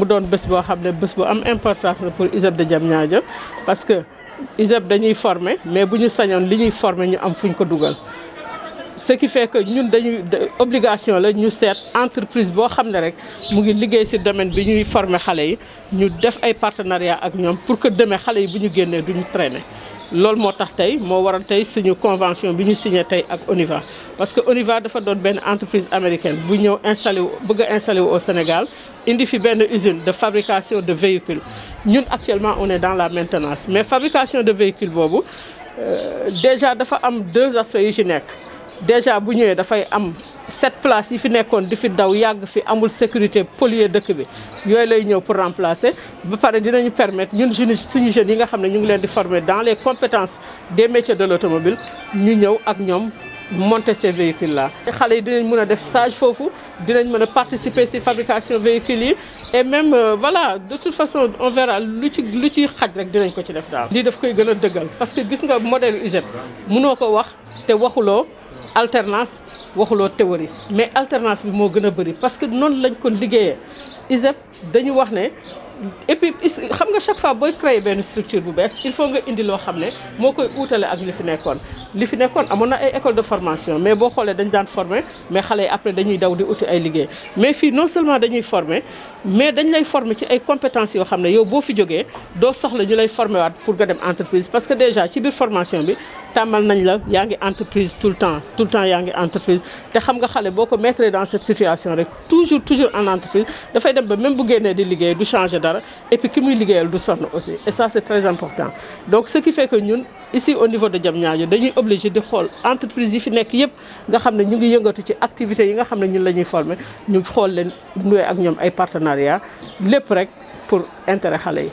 mu doon bés boo xam ne bés bu am importance la pour Isab de Diamniadio parce que ISEP dañuy former mais bu ñu sañoon li ñuy former ñu am fuñ ko dugal. ce qui fait que ñun dañuy obligation la ñu seet entreprise boo xam ne rek mu ngi liggéey ci domaine bi ñuy former xale yi ñu def ay partenariat ak ñoom pour que demain xale yi bu ñu génnee duñu traîner lol motax tay mo waral tay suñu convention biñu signé tay ak ONIVA parce que ONIVA dafa don entreprise américaine bu ñëw installé au Sénégal indi fi une usine de fabrication de véhicules ñun actuellement on est dans la maintenance mais fabrication de véhicules déjà, euh, déjà dafa am deux aspects hygiéniques déjà bu da fay am sept places yi fi nekkoon di fi daw yàgg fi amul sécurité polier dëkk bi yoy lay ñëw pour remplacer ba pare dinañu permettre ñun jeunes suñu jeunes yi nga xamné ñu ngi leen di former dans les compétences des métiers de l'automobile ñu ñëw ak ñom monter ces véhicules là. xalé yi dinañ mëna def stage fofu dinañ mëna participer ci fabrication véhicules yi et même euh, voilà de toute façon on verra lu ci lu ci xaj rek dinañ ko ci def daal. li daf koy gëna dëggal parce que gis nga modèle UGEP mëno ko wax te waxuloo. alternance waxulo théorie mais alternance bi mo gëna bëri parce que non lañ ko liggéeyee ISEP dañu wax né et puis xam nga chaque fois boy créer ben structure bu bess il faut nga indi lo xamné mo koy outalé ak li fi nekkoon li fi nekkoon amoon ay école de formation mais boo xoolee dañ daan former mais xale yi après dañuy daw di uti ay liggéey mais fii non seulement dañuy former mais dañ lay former ci ay compétences yoo xam ne yow boo fi jógee doo soxla ñu lay former waat pour nga dem entreprise parce que déjà ci biir formation bi tàmmal nañ la yaa ngi entreprise tout le temps tout le temps yaa ngi entreprise te xam nga xale boo ko mettre dans cette situation rek toujours toujours en entreprise dafay dem ba même bu génnee di liggéey du changer dara et puis ki muy liggéeyal du sonn aussi et ça c'est très important donc ce qui fait que ñun ici au niveau de Diamniadio dañuy obligé di xool entreprise yi fi nekk yëpp nga xam ne ñu ngi yëngatu ci activité yi nga xam ne ñun la ñuy former ñu xool leen nuwee ak ñoom ay partenariat lépp rek pour intérêt xale yi